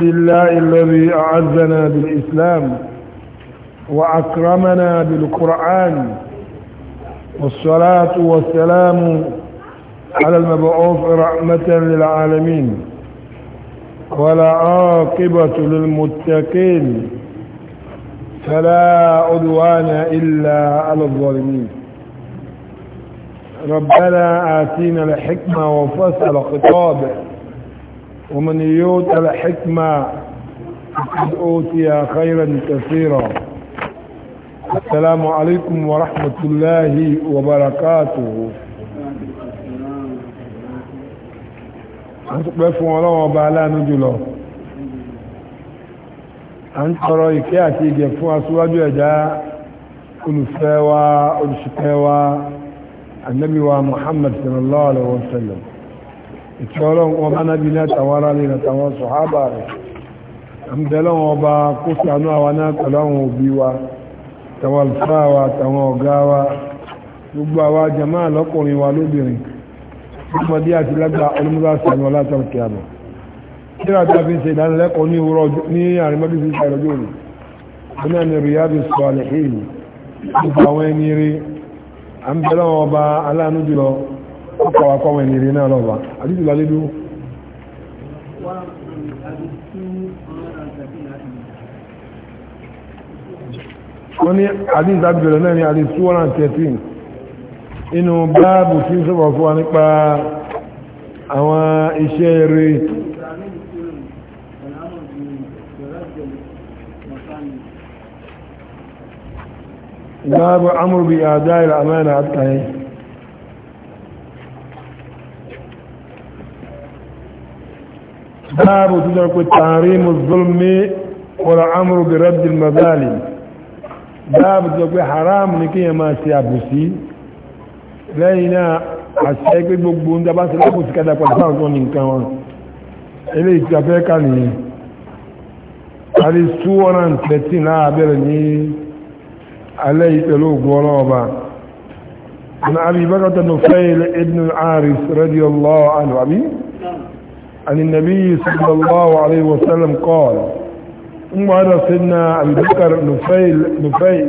لله الذي أعزنا بالإسلام وأكرمنا بالقرآن والصلاة والسلام على المبعوث رحمة للعالمين ولا عاقبة للمتقين فلا عدوان إلا على الظالمين ربنا آتينا الحكمة وفصل خطابه ومن يؤت الحكمة فقد أوتي خيرا كثيرا السلام عليكم ورحمة الله وبركاته àtúpẹ́ fún ọlọ́wọ́ ọba aláàánú jùlọ a ń tọrọ ìkẹ́ àti ìgẹ̀ fún aṣíwájú ẹ̀dá olùfẹ́ wa olùṣìkẹ́ wa annabi wa Muhammad sallallahu alaihi wasallam ìtọ́lọ́wọ́ ọmọ bí ará lè àtàwọn sọ̀hábà rẹ̀ ọba kó sànú àwọn náà òbí wa tàwọn wa tàwọn ọ̀gá wa gbogbo àwa jàmáà lọ́kùnrin wa lóbìnrin ọmọdé àti lágbà olómúlá sànú a ọkọ̀ àkọwẹ̀ ní ìrìnà ọlọ́ba àdíjù lálébí ó wọ́n ní àdíjù àbìbẹ̀rẹ̀ náà ní àdíjù 213 inú báàbù tí ń sọ́bọ̀ fún wa nípa àwọn iṣẹ́ eré báàbù amúrùbí àdáìlà àmẹ́rin àtàyẹ̀ باب تجرك تحريم الظلم والعمر برد المظالم باب تجرك حرام نكي ما سيابوسي لينا àṣẹ́gbé gbogbo ń dábá sí lápò sí kádà pẹ̀lú àwọn tó ní nǹkan wọn ilé ìtafẹ́ ká nìyẹn àrí 213 náà abẹ́rẹ̀ ní alẹ́ ìpẹ̀lú ògùn ọlọ́ọ̀bá na abi bakata nufayl ibn al-aris radiyallahu anhu abi عن النبي صلى الله عليه وسلم قال ام هذا سيدنا ابي بكر نفيل نفيل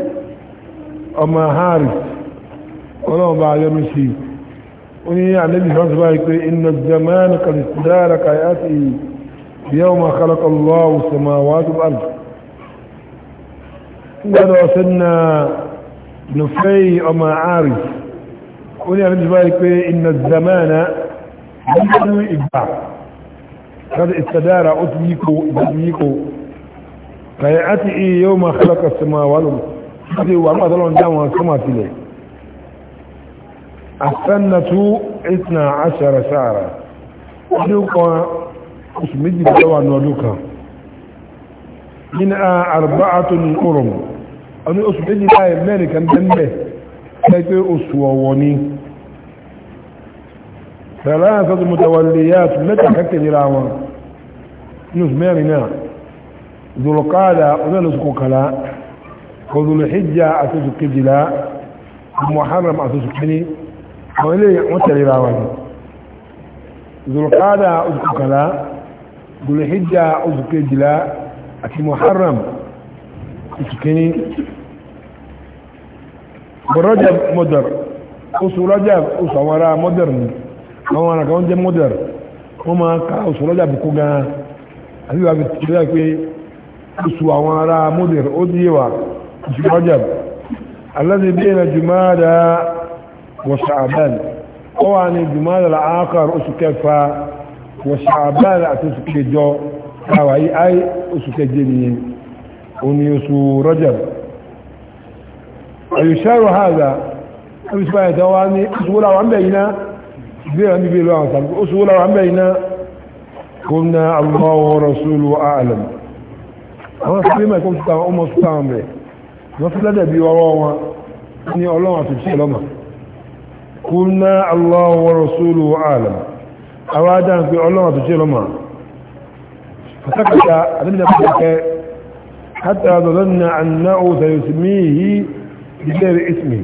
اما هارس ولو بعد مشي وني يعني النبي صلى الله عليه وسلم ان الزمان قد استدارك ياتي يوم خلق الله السماوات والارض ولو سيدنا نفيل اما عارف وني يعني النبي صلى الله عليه وسلم ان الزمان يجري إبعاد kada istadara usmiko ibadiko kai ati yawma khalaqa samawati hadi wa ma dalon dawon sama file as-sanatu 12 shahra duka usmiji dawa no duka min arba'atun urum ani usmiji dai men kan dambe sai ko uswawoni ثلاثة متوليات متى حكي جراوان نس ميرنا ذو القادة ونسكو كلا وذو الحجة أسسك جلا محرم أسسك حني ولي متى جراوان ذو القادة أسكو كلا ذو الحجة أسسك جلا أتي محرم أسسكني والرجب مدر أسو رجب أسو وراء مدرني àwọn ará kan jẹ́ mọ́dẹ̀rù wọ́n máa ká oṣù lọ́jà bùkú gan-an àbí wàá fi tẹ̀lé pé oṣù àwọn ará mọ́dẹ̀rù ó díye wa oṣù lọ́jà alẹ́ bí ẹ̀nà jùmọ́dà wọ ṣàbẹ́n ó wà ní jùmọ́dà làákàr oṣù kẹfà wọ ṣàbẹ́n àti oṣù kẹjọ káwà yí áì oṣù kẹjẹ nìyẹn òun ni oṣù rọ́jà àyùṣàrò hàzà ó fi sọ àyẹ̀tọ́ wa ní oṣù wọ́n làwọn bẹ̀yìn náà بيه عندي بيه لو عن أسول عمينا قلنا الله ورسوله أعلم أنا سبي ما يكون ستاو أم ستاو بي نفس لدى بي وراوا أني الله أتبسي لما قلنا الله ورسوله أعلم أرادا في الله أتبسي لما فسكت أدمنا بك حتى ظننا أنه سيسميه بغير اسمه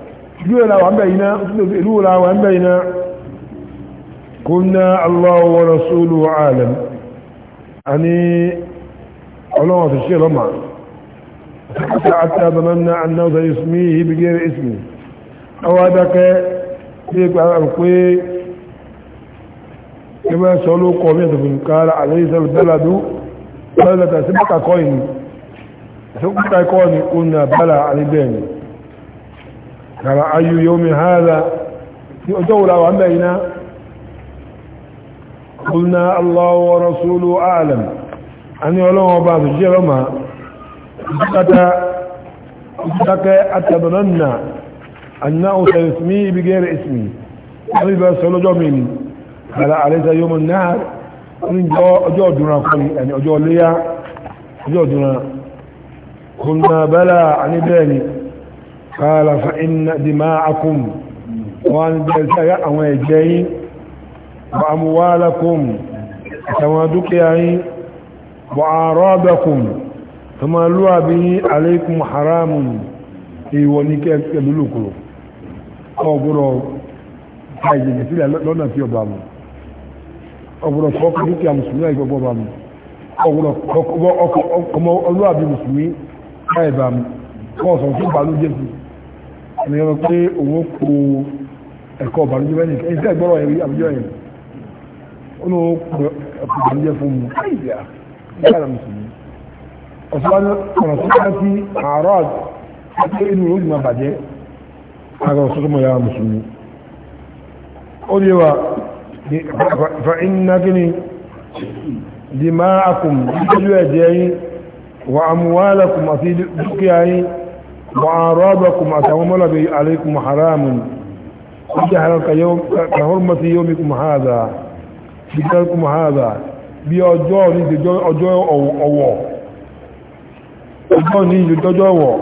جولا وعنبينا الأولى وعنبينا كنا الله ورسوله عالم يعني علامة الشيء لما حتى ظننا أنه سيسميه بغير اسمه أو هذاك فيك ألقي كما سألوا قومية قال عليه البلد بلد سبق كوين سبق كوين قلنا بلى علي بيني kàrà ayú yóò mi hádà ní ọjọ́ wùlá wà mẹ́ iná kúlná aláwọ̀ rasúlù alam a ní ọlọ́wọ́ bá fi jẹ́ rọ́mà ìtàkẹ́ àtàbọ̀nà anná òsàn ismi ibi gẹ́rẹ̀ ismi alìbẹ̀ sọlọ́jọ́ mi ni kàrà àrẹ́sà yóò mọ̀ náà ní ọjọ́ ọdúnra kọ́ni ẹni ọjọ́ léyá ọjọ́ ọdúnra kúlná bẹ́lá àníbẹ́ẹ̀ ni قال فإن دماءكم وان جلسا ويجين وأموالكم تمادكيين وأعراضكم ثم لوا به عليكم حرام إيوانيك يدلوكو أقولوا حاجة مثل لنا في أبامو أقولوا فوق بك يا مسلمين يقولوا أبامو أقولوا فوق بك يا مسلمين يقولوا أبامو kọ́ọ̀sọ̀ fún ìbàlójẹ́ sí ẹni ọmọ pé òun kò ẹ̀kọ́ ọ̀bànújẹ́ bẹ́ẹ̀ nìkan ẹ̀yìn tẹ́ gbọ́rọ̀ ẹ̀rí àbújọ́ ẹ̀ ó ló kọ ẹ̀kọ́ ọ̀bànújẹ́ fún mu káyìíyà ní kára mùsùlùmí ọ̀sán wa fa iná gíní dìmáàkùn وعرابكم أتعمل بي عليكم حرام وجعلك يوم كحرمة يومكم هذا بكلكم هذا bí ọjọ́ ní ìdíjọ́ ọjọ́ ọwọ́ ọjọ́ ní ìdíjọ́ ọwọ́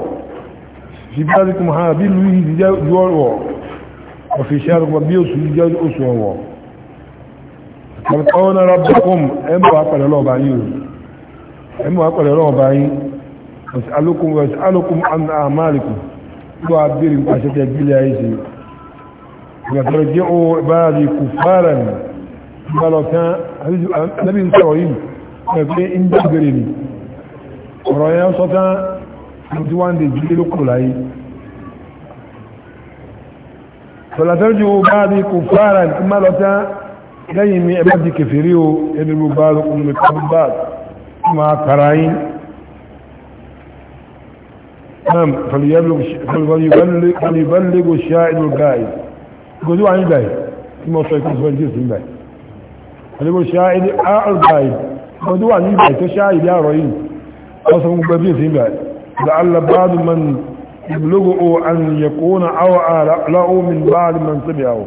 ṣìbáríkùn ha bí lú ìdíjọ́ ọwọ́ ọ̀fíṣẹ́rùkùn bí ọwọ́ واسألكم واسألكم عن أعمالكم وعبير قاسة جبل عيسي وترجعوا عبادي كفارا قالوا كان نبي سوين فكي إن جبرني ورأيان صتا نتوان دي جبل كلاي فلا ترجعوا عبادي كفارا ثم لو كان لي من عبادي كفريو يدروا بالكم من قبل بعض ما كراين نعم فليبلغ فليبلغ الشاهد الغائب قدوا عن الباي كما سيكون في الجنس الباي فليبلغ الشاهد الغائب قدوا عن الباي كشاهد يا رئيس قسم بجنس الباي لعل بعض من يبلغه أن يكون أوعى له من بعض من سمعه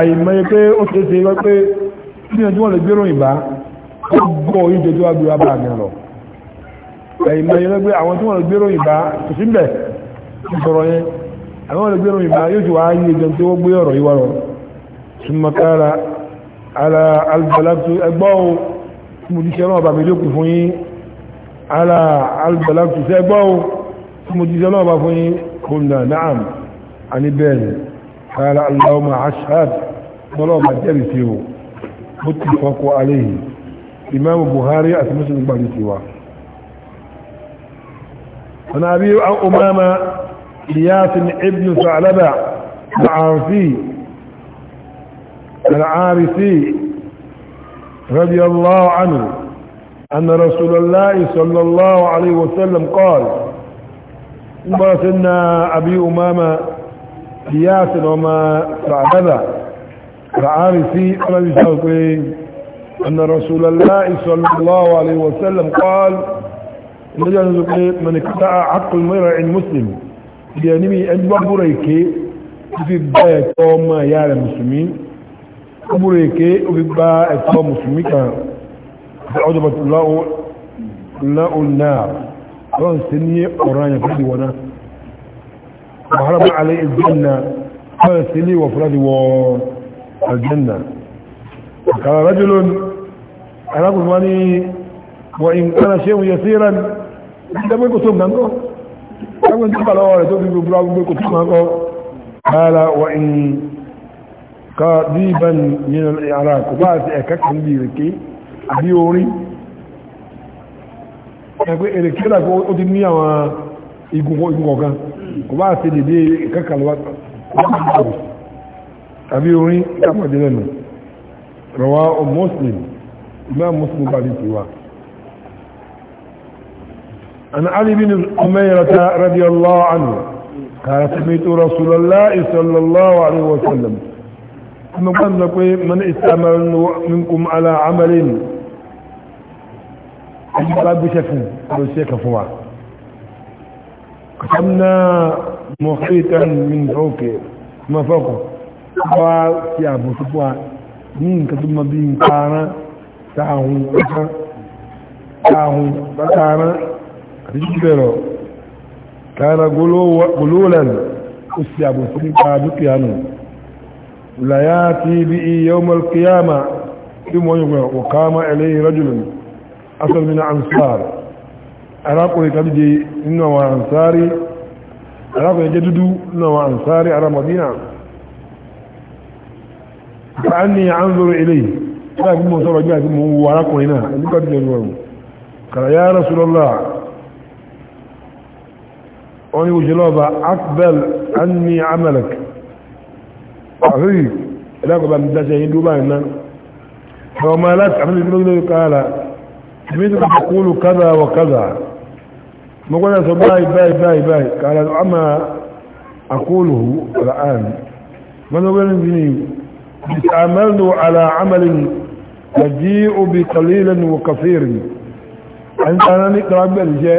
أي ما يكي أسلسي يكي يجب أن يجب أن يجب أن يجب أن يجب أن يجب أن يجب ẹ̀yìnmọ̀ yẹn lọ́gbé àwọn tí wọ́n lè gbérò ìbá kò sí bẹ̀ ìsọ̀rọ̀ yẹn àwọn lè gbérò ìbá yóò ti wá ayé ẹjọ́ tí wọ́n gbé ọ̀rọ̀ yìí wá lọ súnmọ́kára ala albalagtu ẹgbọ́ o mo ti ṣe ọlọ́ọ̀bà mi lókù fún yín ala albalagtu ṣe ẹgbọ́ o mo ti ṣe ọlọ́ọ̀bà fún yín kùnà náàm àní bẹ́ẹ̀ ni kala allahumma ashhad ọlọ́ọ̀bà jẹ́rìí sí o mo ti fọ́kọ́ aléyìí imam buhari àti muslim gbàgbé sí wa عن أبي أمامة إلياس ابن ثعلبة العارفي العارفي رضي الله عنه أن رسول الله صلى الله عليه وسلم قال أمرتنا أبي أمامة إلياس وما ثعلبة العارفي رضي الله عنه أن رسول الله صلى الله عليه وسلم قال ìdájọ́ ní sọ pé mẹ́nìkítà àkùn mẹ́rẹ̀ in muslim ìdí ẹni bí ẹni bá búrò èké fi gba ẹ̀tọ́ ọmọ ìyá rẹ̀ mùsùlùmí ó búrò èké ó fi gba ẹ̀tọ́ mùsùlùmí kan fi ọjọ́ bàtú láhùn náà lọ́n sí ní ọ̀rọ̀ àyàn fún ìwọ̀n náà wàhálà bá alẹ́ ìjọ́nà lọ́n sí ní ìwọ̀ fúnra ti wọ aljanna kàrà rájúlọ́n arákùnrin wá ní wà in kana shay'un yasiran ìjọba kò tó gbàngọ́ ẹgbẹ́ tó kà lọ́wọ́ rẹ̀ tó fi gbogbo agbègbè kò tó gbàngọ́ ara wà ń ka díban nínú ara kò bá àti ẹ̀ka kan bí ìrèké àbí orí ẹgbẹ́ ìrèké rà kó ó ti ní àwọn igun kọ̀ọ̀kan kò bá àti dèdè ẹ̀ka kan lọ́wọ́ àbí orí kápọ̀ délẹ̀ nù rọwà muslim imam muslim bá ti tiwa عن علي بن أميرة رضي الله عنه قال سمعت رسول الله صلى الله عليه وسلم ثم قال لكم من استعمل منكم على عمل أجبال بشكل بشكل فوا قسمنا محيطا من فوقه ما فوقه وفي أبو سبوان من كتب بين كان تعهون تعهون بكارا àbíjúbẹ̀rọ kára gulúlan ó sì àbòsí nípa dúkìá nù wùláyá ti bí i yawmal qiyama tí wọ́n yóò gbẹ̀rọ kama ẹlẹ́yìn rajulun asọ́lmina ansar arákùnrin kan jẹ nínú àwọn ansari arákùnrin jẹ dúdú nínú àwọn ansari ará madina ka an ni anzuru ilayhi ina sọ́rọ̀ gbé àti mo wo arákùnrin náà nígbàtí jẹ́ wọ́n ni òṣèlọ́ba akbel anni amalek àfíì ẹ̀dàkọ̀bà ní dáṣẹ́ yìí dúbà iná ẹ̀wọ̀n máa láti àfíì tó lórí káàlá ìbíyàn tó kúlù kádà wà kádà mọ́gbọ́nà sọ báyìí báyìí báyìí báyìí káàlá a máa àkúlù ra'án mọ́gbọ́nà bí ni ìtàmẹ́lù ala amalin yàjí obi kalilan wa kafirin an tsanani karagbẹ̀lì jẹ́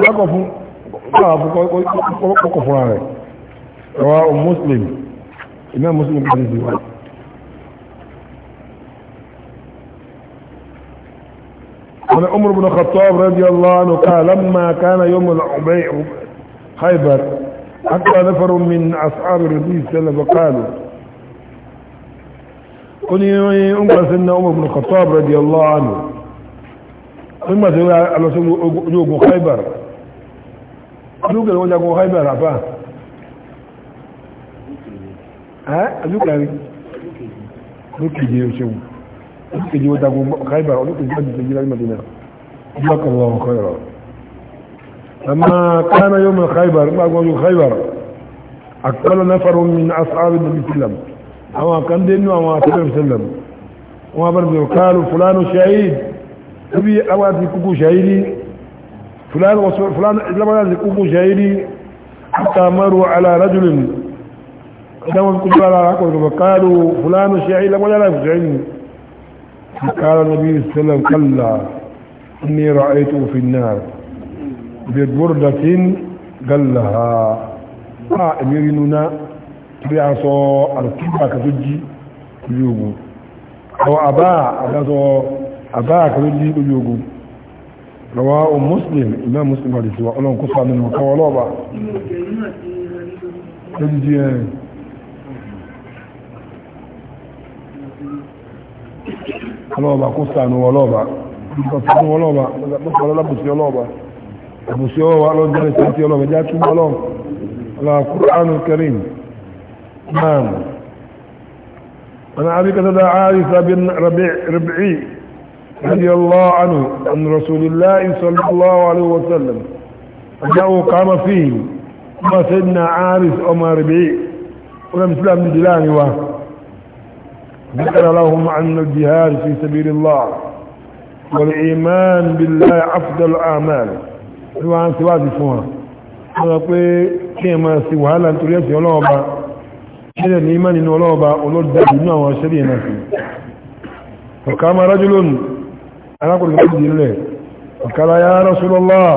مسلم امام مسلم انا عمر بن الخطاب رضي الله عنه قال لما كان يوم العبيع خيبر حتى نفر من اصحاب الرسول صلى الله عليه وسلم قالوا قلني انقل سيدنا عمر بن الخطاب رضي الله عنه ثم سيدنا الرسول يوم خيبر àdúgbẹ̀ wọ́n jagun haibar àpá àdúgbẹ̀rí lókèjì òṣèwò lókèjì wọ́n jagun haibar olókèjì wọ́n jagun haibar madina lọ́kànlọ́ ọkọ̀rọ̀ amma kana yau mai haibar gbagon yau haibar a kala na faru min asabi da bisalam awon kan dai nuna wa asabi da bisalam wọn bar da kalu fulano shahid tabi awati kuku shahidi فلان وسوء فلان لما يقوم جايري حتى مروا على رجل لما على رجل فقالوا فلان الشيعي لما لا يفزعني فقال النبي صلى الله عليه وسلم كلا إني رأيته في النار ببردة قال لها ما آه، أميرنا بعصو الكبا كتجي كيوغو أو أبا أبا كتجي كيوغو رواه مسلم امام مسلم حديث وقالهم قصة من مقاولة بعض الجيان ọlọ́ọ̀bà kó sànù ọlọ́ọ̀bà ìgbọ̀sánù ọlọ́ọ̀bà lọ́pọ̀lọ́bùsí ọlọ́ọ̀bà ẹ̀bùsí ọwọ́ alọ́jọ́ ìsẹ́ntí ọlọ́ọ̀bà já túnbọ̀ ọlọ́ọ̀bà aláàkùránù kẹrin náà wọn àríkàtàdà àrísà bí rẹ̀bẹ̀ẹ́ رضي الله عنه عن رسول الله صلى الله عليه وسلم أنه قام فيه ما سيدنا عارف أما ربيع ولم يسلم من ذكر لهم عن الجهاد في سبيل الله والإيمان بالله أفضل الأعمال وعن سواد فوها wọ́n pé kí ẹ máa sí wàhálà nítorí ẹ̀sìn ọlọ́ọ̀bá ṣẹlẹ̀ ní ìmá nínú ọlọ́ọ̀bá olóòdá ìlú àwọn ṣẹlẹ̀ náà sí ọ̀ká máa rájúlónìí arákùnrin méjì nílẹ̀ ọ̀kàlá ya Rasulullah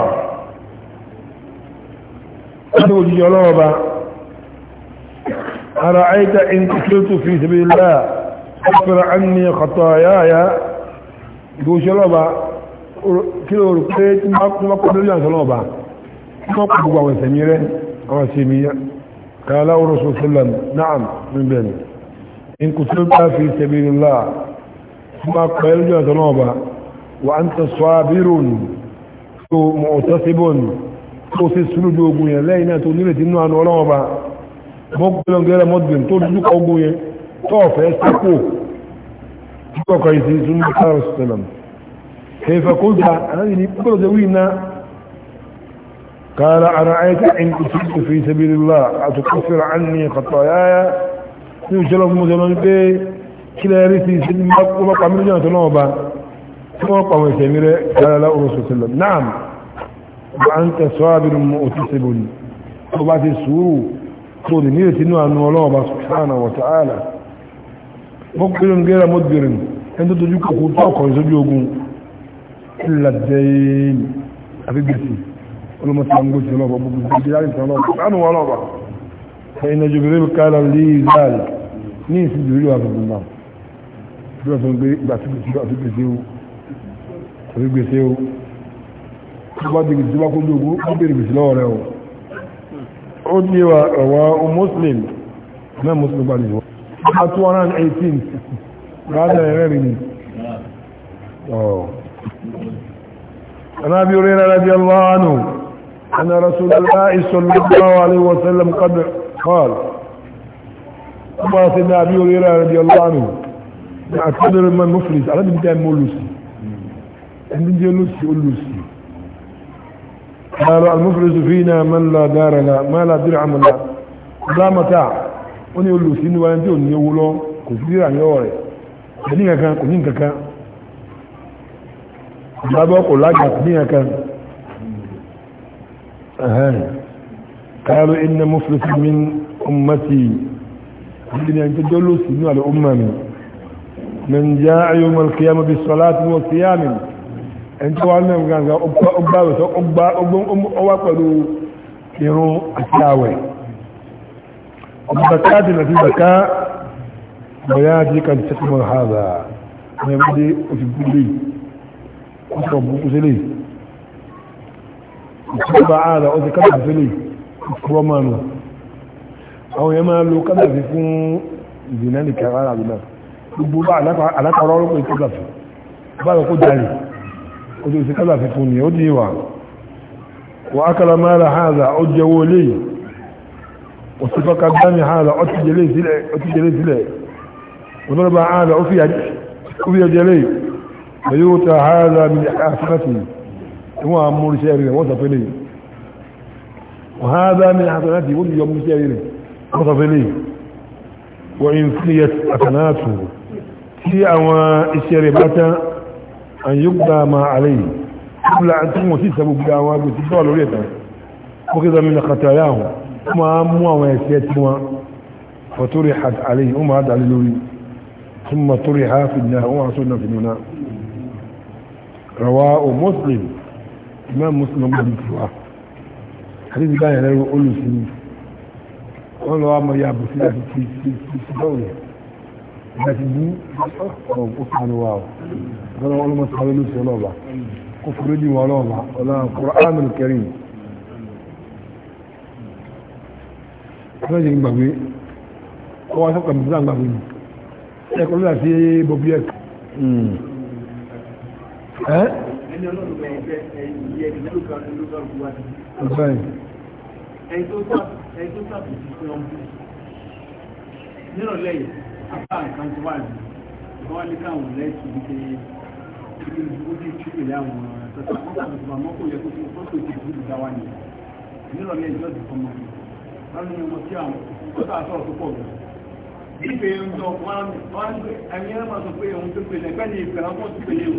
láti òjìjì ọlọ́wọ́ bá ara aita in kìtìlítù fi sabilillah ọ̀pẹ̀rẹ̀ anni khataayaya ìgbòsí ọlọ́wọ́ kí o rò pé tí wọ́n kọ́ lórí àṣọ ọlọ́wọ́ bá wọ́n kọ́ gbogbo àwọn ìsẹ̀mí rẹ̀ àwọn ìsẹ̀mí kàlá Rasulullah na'am níbẹ̀ ni in kìtìlítù fi sabilillah wọ́n kọ́ lórí وأنت صابر معتصب توسي السلوج وقوية لا إنا تنينة إنه أن ولوبا مقبلا غير مدبن تولدك وقوية توفى يستقوك توقع يسي سنة الله السلام كيف قلت هذه نبقل زوينا قال أرأيت إن كنت في سبيل الله أتكفر عني خطاياي يوشلف مزلون بي كلا رسي سنة مقبلا قمر جنة نوبا ثم قام يتمير قال لا رسول الله نعم وأنت صابر مؤتسب وبعد السرور تقول نيرة أنه الله سبحانه وتعالى مقبل غير مدبر أنت تجوك خطاك ويسجوك إلا الدين أبي قلتي ولما تنقلت الله سبحانه وتعالى فإن جبريل قال لي ذلك نيس جبريل عبد الله جبريل عبد الله orí gbèsè o tó bá dìgbì tó bá kó lóògùn ó bèèrè gbèsè lọ́wọ́ rẹ o ó ní wa ọ̀wọ́ muslim náà muslim gbà nìyẹn bá 218 bá dẹ̀ rẹ́rìn ni ọ̀ أنا أبي هريرة رضي الله عنه أن رسول الله صلى الله عليه وسلم قد قال أما سيدنا أبي هريرة رضي الله عنه أكثر من مفلس أنا بدي أمولوسي ẹni jẹ́ olùsì olùsì قالوا المفلس فينا من لا دار لا ما لا درهم لا لا متاع oni olùsí ni wáyé tí ò ní owó lọ kò sí rírà ní ọ̀rẹ́ kò ní kankan kò ní kankan ìgbàgbọ́ kò lágbà kò ní kankan قالوا إن مفلس من أمتي ìdíni ẹni tó jẹ́ olùsí ní àlè ọmọ mi من جاء يوم القيامة بالصلاة والصيام ẹ̀ntọ́ wa náà gbàgbà ọgbà ọ̀tọ́ ọwá pẹ̀lú irun àti àwẹ̀ ọgbàká ti nàti gbàká bọ̀yá àti kàtí sẹ́kùnmọ̀ hàzà ní ẹgbẹ́dé òṣìgbúlé ọ̀sọ̀ bukú sílé ìṣọ́gbà ààrẹ ọ̀sẹ̀ kàtàkì sílé ìkúrọ́mọ̀nù àwọn yẹn máa lo kàtàkì fún ìdìnnà nìkan rárá àbúlá gbogbo alákọ̀ọ́rọ́ pẹ̀lú kàtàkì báyọ̀ kó darí حدوث الأذى في الكونية والديوان وأكل مال هذا عجوا لي وصفق الدم هذا عتج ليس لي عتج وضرب هذا عفي عفي جلي ويوتى هذا من حسنتي هو أمور شعري وصف لي وهذا من حسنتي ولي يوم شعري وصف لي وإن فيت أكناته في أوائل شربته an yugba ma alayhi kula an tun wasi sabu gawa bu ti dawa lórí ẹ̀tàn ó kí zami na kataya hù kuma mú àwọn ẹ̀sẹ̀ tí wọn faturi had alayhi ó máa dàlí lórí tún maturi ha fi nà ó wà sódà fi nuna rawa o muslim imam muslim bá dùkú wa hadith bá yẹn lẹ́rọ olùsìn wọn lọ wà mọ ya bùsí àti tí tí tí tí báwọn yẹn láti bú ọ̀pọ̀lọpọ̀ ọ̀rọ̀ ọlọ́mọsàwé ló ṣe ọlọ́ọ̀bà kó fúrú dì wọ́n ọlọ́ọ̀bà ọlọ́run Qur'anul Karim ọlọ́jẹ̀ gbàgbé ọwọ́ sọ́kà mìíràn gbàgbé ni ẹ̀kọ́ lọ́la sí bobi ẹ̀kọ́ ẹ́ ẹni tó sábà ẹni tó sábà ti fi ọmọ nírọ̀lẹ́yìn apá nǹkan tó wà ní wọ́n ní káwọn lẹ́sùn wípé ibi ìdúró ti tú ìlé àwọn tọ́tà wọ́n kà tó máa mọ́kò yẹ kó tó tó tó ti dúró dá wá nìyẹn nírọ̀lẹ́ ìjọ ti fọmọ mi wọ́n ní ọmọ tí àwọn tó tà sọ̀rọ̀ pọ̀ gan ife ń lọ wọn ẹni ẹ máa sọ pé òun tó pèlè ẹgbẹ́ ní ìfẹ́ ọmọ tó pèlè o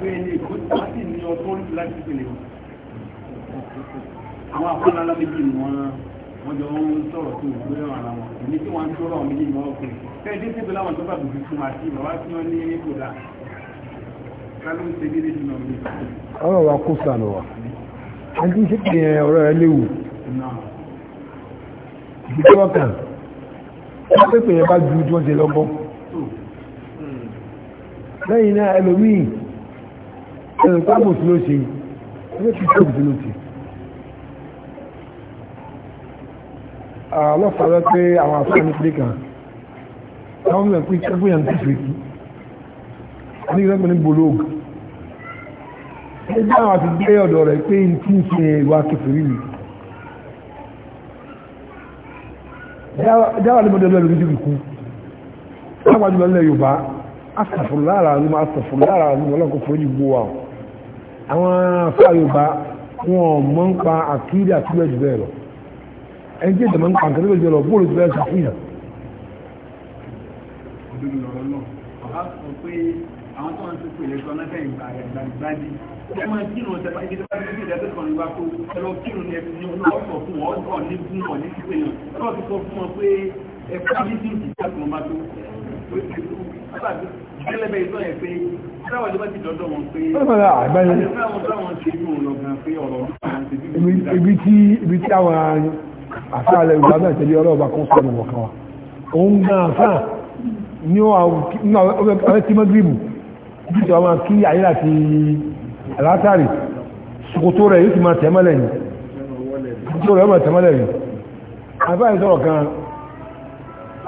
pé ní ìkó láti ní ọtọ́ láti pèlè o àwọn àpọ́nlá lábẹ́bí ni wọ́n wọ́n jọ ń sọ̀rọ̀ sí òkú lẹ́wọ̀n ara wọn èmi tí wọ́n ń tó rọ̀ méjì mọ́ ọkùnrin kẹ́ẹ̀dé síbi láwọn tó bá bùbí fún àti bàbá tí wọ́n ní kódà kálú ń ṣe déédéé jù náà nípa. ọ̀rọ̀ wa kó sànù wa ẹni tí ń ṣe pé ọ̀rọ̀ rẹ léwu ìdíjọ́ kan wọ́n pépè yẹn bá ju tí wọ́n ṣe lọ́gbọ́n lẹ́yìn náà ẹlòmíì ẹlòmíì pápò tí ló ṣe ẹlòmíì Ah, ọlọ́pàá lọ pé àwọn afẹ́ni pé kan táwọn mẹ́rin pé kẹ́kọ̀ọ́ yẹn ti fi kí ní ìrẹ́pẹ̀ ní bolóògù ẹgbẹ́ àwọn àti gbé ọ̀dọ̀ rẹ̀ pé n tí ń ṣe ìwà kẹfìrí rí dáwà ní mọ́dọ̀lọ́ lórí jùlọ kú láwọn jùlọ ilẹ̀ Yorùbá asàfùlára ní asàfùlára mọ́ ń pa àkírí àtúbẹ̀ jù bẹ́ẹ̀ lọ ẹni tí ìdàmọ́ ń pa nǹkan lójú ọ̀rọ̀ bóòlù ti bẹ́ẹ̀ sọ fún yàn. àwọn tó ń tó pèlè sọ náà fẹ́ ìgbà ìgbà ìgbà dì ẹ máa kírun ọ̀sẹ̀ bá ìdílé bá ti fi ìdẹ́sẹ̀ kan ìwà tó ẹ lọ kírun ní ẹni ọ̀sọ̀ fún wọn ọ̀sọ̀ ní gún ọ̀ ní sípè yàn lọ́ọ̀ ti sọ fún wọn pé ẹ fún mi sí ìdíjà tó máa tó gẹ́lẹ́bẹ̀ ìtọ́ yẹn pé táwọn ìjọba ti dọ́dọ̀ wọn ẹgbẹ́ ah, àwọn táwọn ṣe bí òun àtàlẹ̀ ìgbàmẹ́ ìtẹ̀lé ọlọ́ọ̀bá kan sọ́nà ọ̀kan wa òun náà fà ní ọ̀rẹ́ tí mọ́gírìbù títí ọmọ kí ayé àti alátàrí ṣòkòtò rẹ̀ yóò ti máa tẹ̀mọ́lẹ̀ yìí ṣòkòtò rẹ̀ máa tẹ̀mọ́lẹ̀ yìí àbáyé sọ̀rọ̀ kan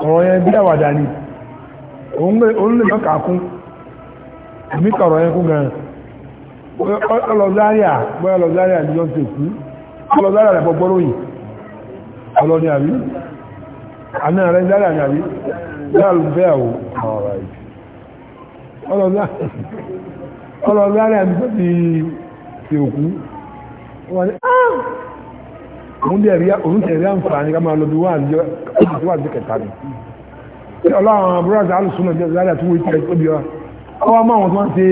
ọ̀rọ̀ yẹn bí àwàdà ni òun lè mọ́kà kún àmì kọ̀rọ̀ yẹn kún gan ọlọ́záríà gbọ́ ọlọ́záríà ni yọ́n ti kú ọlọ́záríà rẹ̀ bọ́ yìí ọlọ́ni àbí àná rẹ̀ dára ní àbí dáàlù bẹ́ẹ̀ o ọlọ́ni àrẹ̀ àbí tó ti ti òkú ah! òun dẹ̀ rí òun tẹ̀ rí àǹfààní ká máa lọ bí wà ní wà ní kẹta ni tí ọlọ́run abúrázà alùsùnà jẹ́ ìdájà tó wípé tó bí wa ọwọ́ máa wọn tó ń ṣe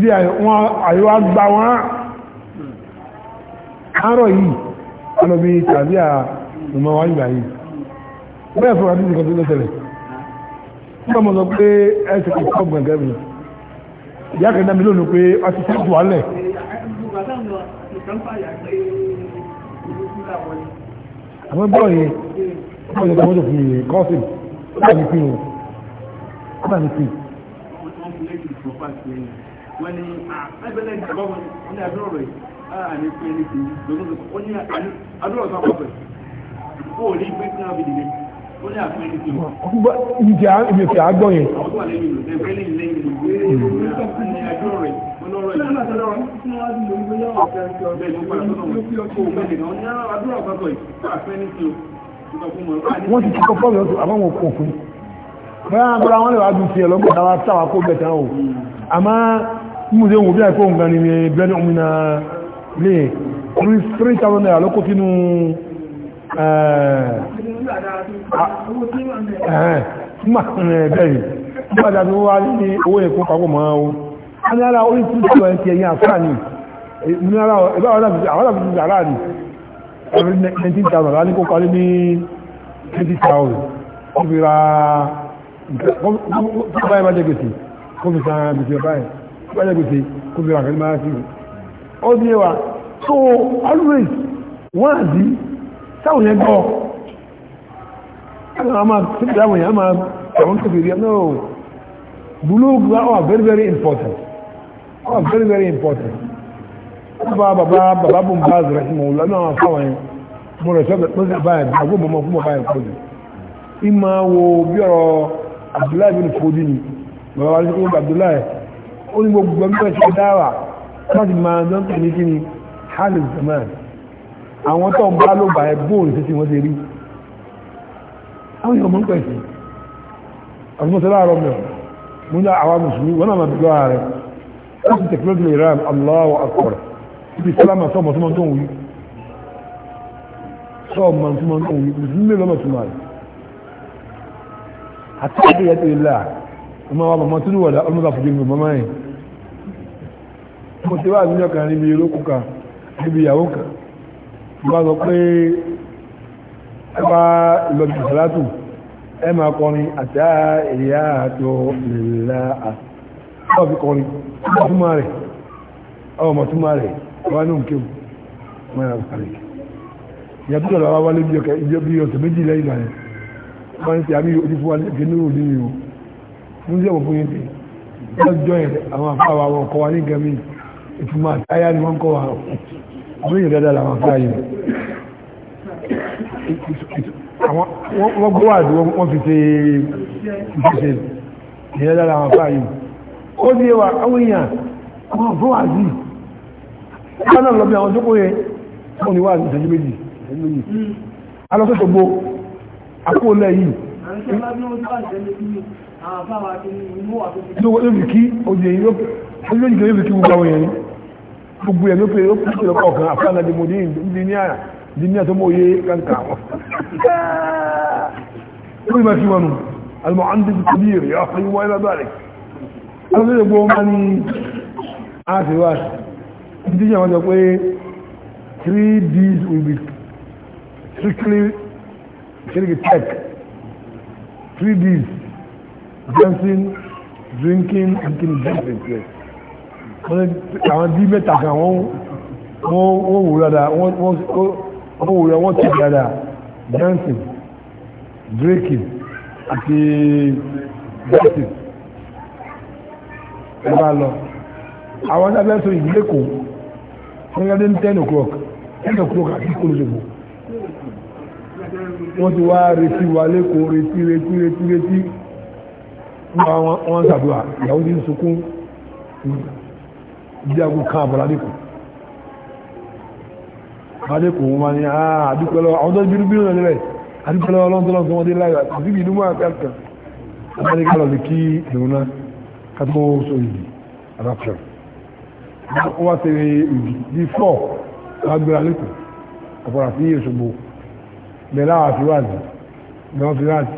bí wọn àyíwá gbà wọn àárọ̀ yìí ọ̀nà bí tàbí à ìmọ̀ wáyé báyìí bẹ́ẹ̀ fún àti ìkọ̀tún ló tẹ̀lẹ̀ nígbà mọ̀ sọ pé ẹsẹ̀ kò kọ́ gbọ̀ngàn mi ìyá kan dá mi lónìí pé ọtí sí ìtù alẹ̀ àwọn bọ́ yẹn wọ́n yẹ kí wọ́n tó fún mi yẹn kọ́ọ̀sì wọ́n mi pín o wọ́n mi pín. wọ́n ní ah, ẹgbẹ́lẹ́ ìjọba wọn ní àbúrò rẹ̀ a ní pé ní kìí lọ́dún tó ní àdúrà ọ̀sán pọ̀pẹ̀ ó ní pé kí wọ́n fi dìde ó ní àpé ní kìí. ti kọ́ pọ́ọ̀lù ọ̀tún àbáwọn òkú òkú bóyá agbára wọn lè wá dùn sí lọ́gbọ̀n táwa kó bẹ̀tẹ̀ o àmọ́ mú un wò bí àìkó nǹkan ni bẹ́ẹ̀ ni òun náà lè orí three thousand naira lókó sínú ẹ̀ẹ́dẹ̀rẹ̀ nígbàtà tí ó wá ní owó ẹ̀kún a ní ara orí three thousand ti ẹ̀yìn àfáà ní ní ara ẹgbẹ́ àwọn àfihàn ti sàárà ní orí nineteen thousand láti kó parí ní twenty thousand ó fi ra kó báyìí bá jẹ́ gbèsè kó fi san gbèsè báyìí bá jẹ́ gbèsè kó fi ra ó so always wọ́n àdí sáwọn yẹn gbọ́ ẹ̀rọ àmà síbi àwọn no very very important are very very important zara wo Abdullahi Abdullahi gbogbo láti máa lọ́n pè ní kí ni halil zaman àwọn tó ń bá ló bá ẹgbóòn sí tí wọ́n ṣe rí àwọn èèyàn mọ́ ń pẹ̀sì àtúnṣe láàárọ̀ mẹ́rin mú ní àwọn mùsùlùmí wọ́n náà máa bẹ̀rẹ̀ ààrẹ ó sì tẹ̀kílọ́dì lè ram Allahu akbar ibi sálámà sọ́ọ̀mọ̀ tó máa tó ń wí sọ́ọ̀mọ̀ tó máa tó ń wí mùsùlùmí mélòó mọ̀ tó máa rí àti àdéyàtò ilá ọmọ wa mọ̀ tó ní wọ̀dà ọlọ́mọdà fòjú mi mọ̀ máa yìí mo ti wá àdúgbò kan níbi olókùn kan níbi ìyàwó kan mo bá sọ pé ẹ bá ìlọbi ìsàlátù ẹ máa kọrin àti ìyá àti ìlà àwọn fi kọrin ọmọtúmọ̀ rẹ̀ ọmọtúmọ̀ rẹ̀ wọ́n ní òkè mọ́ ẹ̀rọ kàrẹ̀ ìyàtọ̀ lọ́wọ́ wá wálé bí ọ̀sẹ̀ méjì lẹ́yìn náà wọ́n ń ṣe àmì ojú fún wa lẹ́kẹ̀ẹ́ ní òní o ń jẹ́ ọ̀pọ̀ fún yẹn tẹ̀ lọ́jọ́ yẹn àwọn àfáwà wọn kọ wa ní gẹ̀mí ìfúnmọ́ àtàyà ni wọ́n kọ́ wa àwọn èèyàn dáadáa làwọn afẹ́ ayé wọ́n gbọ́ àdú wọ́n fi ṣe ìṣẹ́ṣẹ́ ìyẹn dáadáa làwọn afẹ́ ayé ó ní ẹwà àwọn èèyàn wọ́n fún àzí wọ́n náà lọ bí àwọn tó kó yẹ wọ́n ni wà ní ìṣẹ́jú méjì alọ́sọ́sọ́ gbó akóòlẹ̀ yìí ló fi kí ojú èyí ló fi kí gbogbo àwọn èèyàn gbogbo ẹ̀ ló pé ó pèsè lọ́pọ̀ kan àfáànà dìbò ní ìdíníà tó mọ́ yé kankan wọn ó bí ma kí wọn nù almuhandis kabir ya fi wọ́n ilẹ̀ bá rẹ̀ alẹ́sẹ̀ gbọ́ wọn ní àṣíwáṣì ìdíníà wọn jọ pé three Ds will be strictly strictly tech three Ds dancing drinking and kin place àwọn bí mẹ́ta kan wọ́n wò dáadáa wọ́n wò wọ́n ti dáadáa dancing drinking àti dancing ẹ bá lọ àwọn abẹ́ sọ ìdílé kò wọ́n yá dé ní ten o'clock ten o'clock àti kólóṣogbo wọ́n ti wá retí wa lẹ́kọ̀ọ́ retí retí retí retí wọ́n ṣàdúrà ìyàwó ti ń sunkún ìdíagun kan àbọ̀lá lẹ́kùn adékùn wọn máa ní àdúpẹ́lọ́ ah, àwọn tó bínú bínú lẹ́lẹ́ àdúpẹ́lọ́ ọlọ́ntọ́lọ́ tó wọ́n dé láyé àti ìlú máa pẹ́ kan amẹ́ríkà lọ lè kí ìrúnná kátó sọ ìdí àbáfẹ́ wọ́n wá ṣe ìdí bí fọ́ lágbéra lẹ́kùn àpọ̀lá sí Òṣogbo bẹ̀rẹ̀ àwọn àfiwáàdì bẹ̀rẹ̀ àfiwáàdì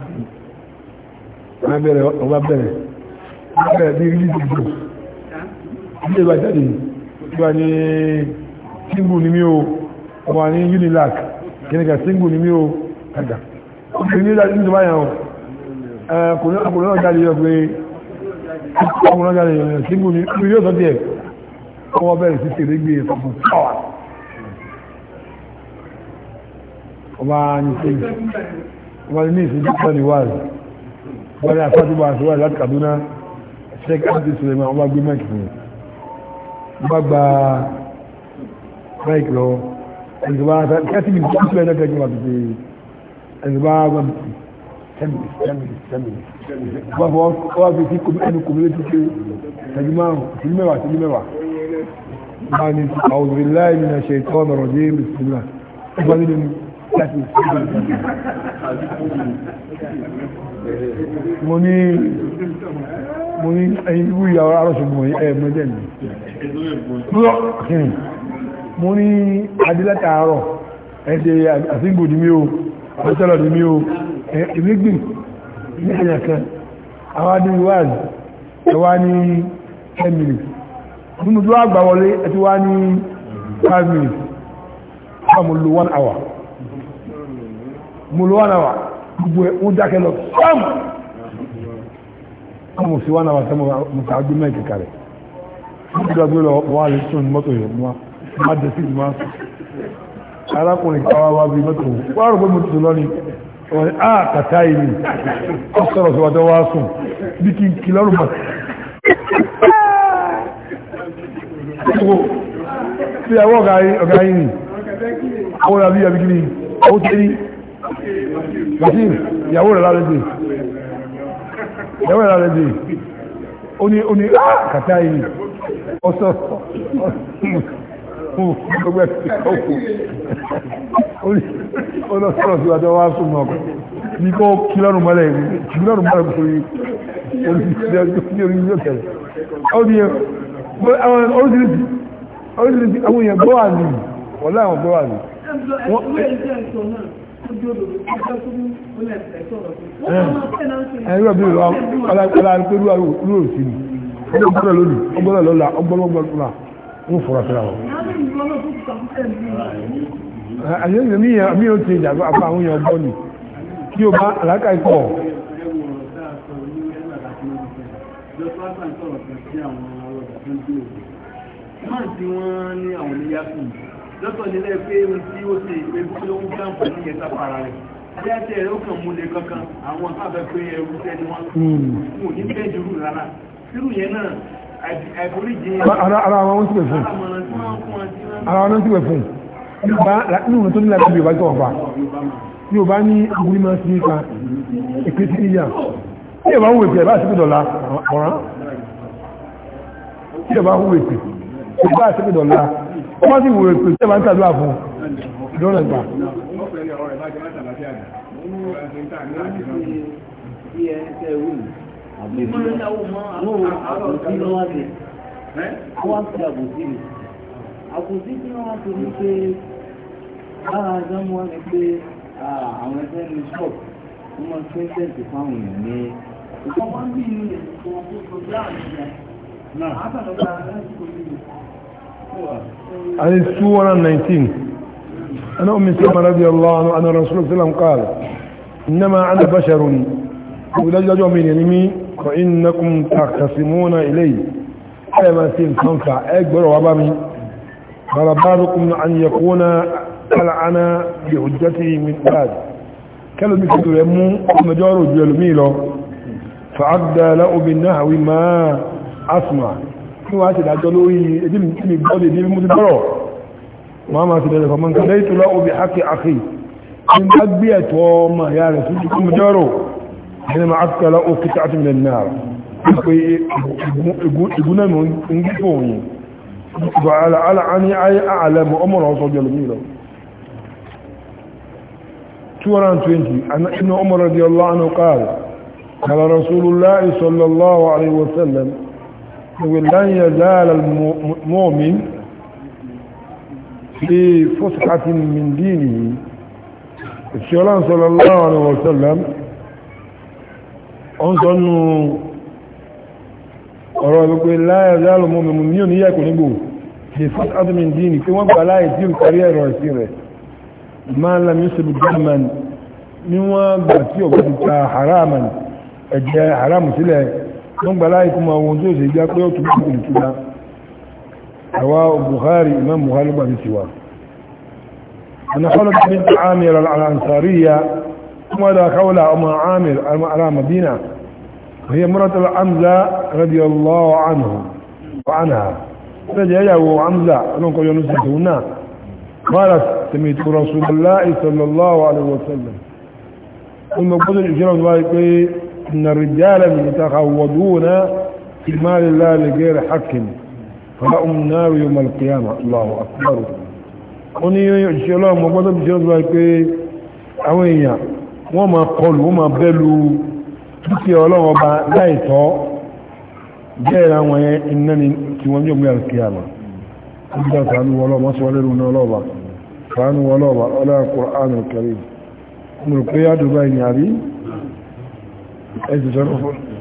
wọ́n bẹ̀rẹ̀ wọ́n bẹ̀rẹ̀ bí rí ilé ìwà jáde wà ni single ni mí o wà ní unilag kìnnìkan single ni mí o kàdà ó kìí ní ìdájú nígbà yẹn o kòrónà náà jáde yọ pé ọmọ náà jáde yọ single ni mí yóò sọ díẹ̀ ọwọ́ bẹ̀rẹ̀ sí ṣe régbé ìfọ̀fún power ọba ní ṣe ọba ní ìṣẹ́jú pẹ̀lú wáàrí wọ́n ni àfájúbà àti wáàrí láti Kaduna sheik abdi suleiman gbagba bike lọ ẹnìgbà thirty minutes ó tilẹ̀ ẹ̀dẹ́gbẹ̀jọ wà tètè ẹnìgbà gbam ten minutes ten minutes ten minutes wọ́n fọwọ́ wọ́n fi sí ẹnu kòmílẹ̀ títí ṣẹ́jú márùn-ún ìṣẹ́jú mẹ́wàá ìṣẹ́jú mẹ́wàá يعني أعوذ بالله من الشيطان الرجيم بسم الله ومن مني مني أي بويا وعرش المهي أي مجنة Hmm. mo ní adílẹ́ta àárọ̀ ẹ̀dẹ̀ àfígbò ní mí o ọ̀tẹ́lọ̀ ní mí o ìrígbìn ní ẹ̀yẹ̀kẹ́ àwọn adíwáàdì ẹwà ní 10 minutes nínú tó wá gbà wọlé ẹ̀tí wá ní 5 minutes mo lo 1 hour mo lo 1 hour gbogbo ẹ̀ ó dákẹ́ lọ sọ́m ọmọ sí 1 hour gbígbàgbé lọ wà lè tún mọ́tò yẹ̀ mọ́ má jẹ́ sí ìmá arákùnrin káwá wá bí mọ́tò wà rò pé mo tuntun lọ́ni wọ́n ni áà ah, kàtá ìlú ó sọ̀rọ̀ sí wájọ́ wá sùn bí kí n kí lọ́rùn mọ́ sí àwọn ọ̀gá yìí ni àwọn ọ̀gá yìí ni ó ti rí wàtí ìyàwó rẹ̀ lára dé ìyàwó rẹ̀ lára dé ó ní ah, kàtá ìlú ọ̀sọ̀rọ̀ ọgbẹ́ ọkù ọlọ́sọ̀rọ̀ sí wájọ́ wá súnmọ́ ọkọ̀ ní kọ́ kílọ́nù mọ́lẹ̀ kílọ́nù mọ́lẹ̀ kúrò oríṣiríṣi àwọn èèyàn gbọ́ wà ní ọ̀lá àwọn gbọ́ wà ní ẹ̀rọ bí i lọ aláàpẹ́lú àrùn olóòsì ni ọgbọ́n ọgbọ́n lónìí ọgbọ́n lọ́la ọgbọ́n ọgbọ́n lọ́la ń fura síra wọn. àyẹ̀yẹ̀ mi yẹn mi ò ti ìjàgbá àpá àwọn èèyàn ọgbọ́n ni kí o bá àlákà ikọ̀. máa tí wọ́n ní àwọn oníyá fún mi lọ́tọ̀ nílẹ̀ pé ohun tí ó ṣe ìpè tí ó ń gbàǹfà ní ẹ̀ta para rẹ̀ kankan àwọn afáfẹ́ pé ẹrú tẹ́ ni wọ́n kò ní bẹ́ẹ̀ jùlọ rárá irú yẹn náà àìforíjì ara wọn tí wọ́n fún ara wọn tí wọ́n fún nínú tó ní láti yorùbá tó ọ̀fà yorùbá ní agbórí máa sí nípa èké sí ìyá tí yorùbá ń wèpè bá sípè dọ̀la ọ̀rán tí yorùbá ń wèpè bá sípè dọ̀la wọ́n sì wèpè tí yorùbá ń tàdúrà fún ìdọ́nà Yeah, it's a win lè fi lọ́wọ́ àbòsí ló wá lè wá sí àbòsí rẹ̀ àbòsí tí wọ́n wá tó ní pé lára àjọmọ́ ni pé àwọn ẹgbẹ́ ní ṣọ́ọ̀bù wọ́n máa tún ṣẹ́ǹtì fáwọn èèyàn ní ọjọ́ wọn bí inú rẹ̀ tó wọn kó tó bí àwọn ìyá náà àtàlọ́gbà láti kò ní عليه 219 أنا أم سلمة رضي الله عنه أن رسول الله صلى الله عليه وسلم قال إنما أنا بشر ولا يجوا من يمين فإنكم تختصمون إليه كما تنفع أكبر وبمي قال بعضكم أن يكون ألعن بحجته من بعد كلو مثل يمو مجار جلميلو فعبد له بالنهو ما أسمع واسد عجلوي اجل مي بودي دي مدبرو ما ما سيدي فمن كديت له بحق أخي من أكبية وما يا رسول مجارو حينما عفك أو قطعة من النار يقولون انجفوني وعلى على عني اي اعلم امره صلى الله عليه وسلم 220 أن ابن عمر رضي الله عنه قال قال رسول الله صلى الله عليه وسلم لن يزال المؤمن في فسحة من دينه الشيطان صلى الله عليه وسلم ọ̀n sọ́nù ọ̀rọ̀ wípé láyé zálù mọ́ mẹ́mú ní òní yẹ́kùn nígbò the first admin dini pé wọ́n gbà láyé tí ó kárí ẹ̀rọ ẹ̀sìn rẹ̀ máa ń lamí ṣe gọ́ọ̀mán ní wọ́n gbà tí ọ̀gbà ti ta haraman ẹ̀jẹ̀ haram sílẹ̀ wọ́n gbà láyé fún àwọn tó ṣe gbá pé ó tún kúrò ìtura àwa Bukhari imam Bukhari gbà ní tiwa أنا خلق بنت عامر الأنصارية ثم ذا قولها أم عامر على مدينة وهي مرة العمزة رضي الله عنه وعنها فجاء يهو عمزة أنه ينسى هنا قالت سميت رسول الله صلى الله عليه وسلم ثم قلت الإجراء إن الرجال يتخوضون في مال الله لغير حق فلهم النار يوم القيامة الله أكبر wọ́n ní ṣe ọlọ́run mọ́gbọ́dọ̀ bí وما ọ́sọ́ pé àwọn dúkìá ọlọ́run ọba láìtọ́ bẹ́ẹ̀ láwọn yẹn iná tí wọ́n yóò mú àlùkìyà lọ nígbà sàánú wọlọ́ọ̀bá sọ lẹ́nu sàánú wọlọ́ọ̀bá ọlọ́ọ̀kọ̀ àánú kẹrin mo rò ìyàrí ẹ̀sìn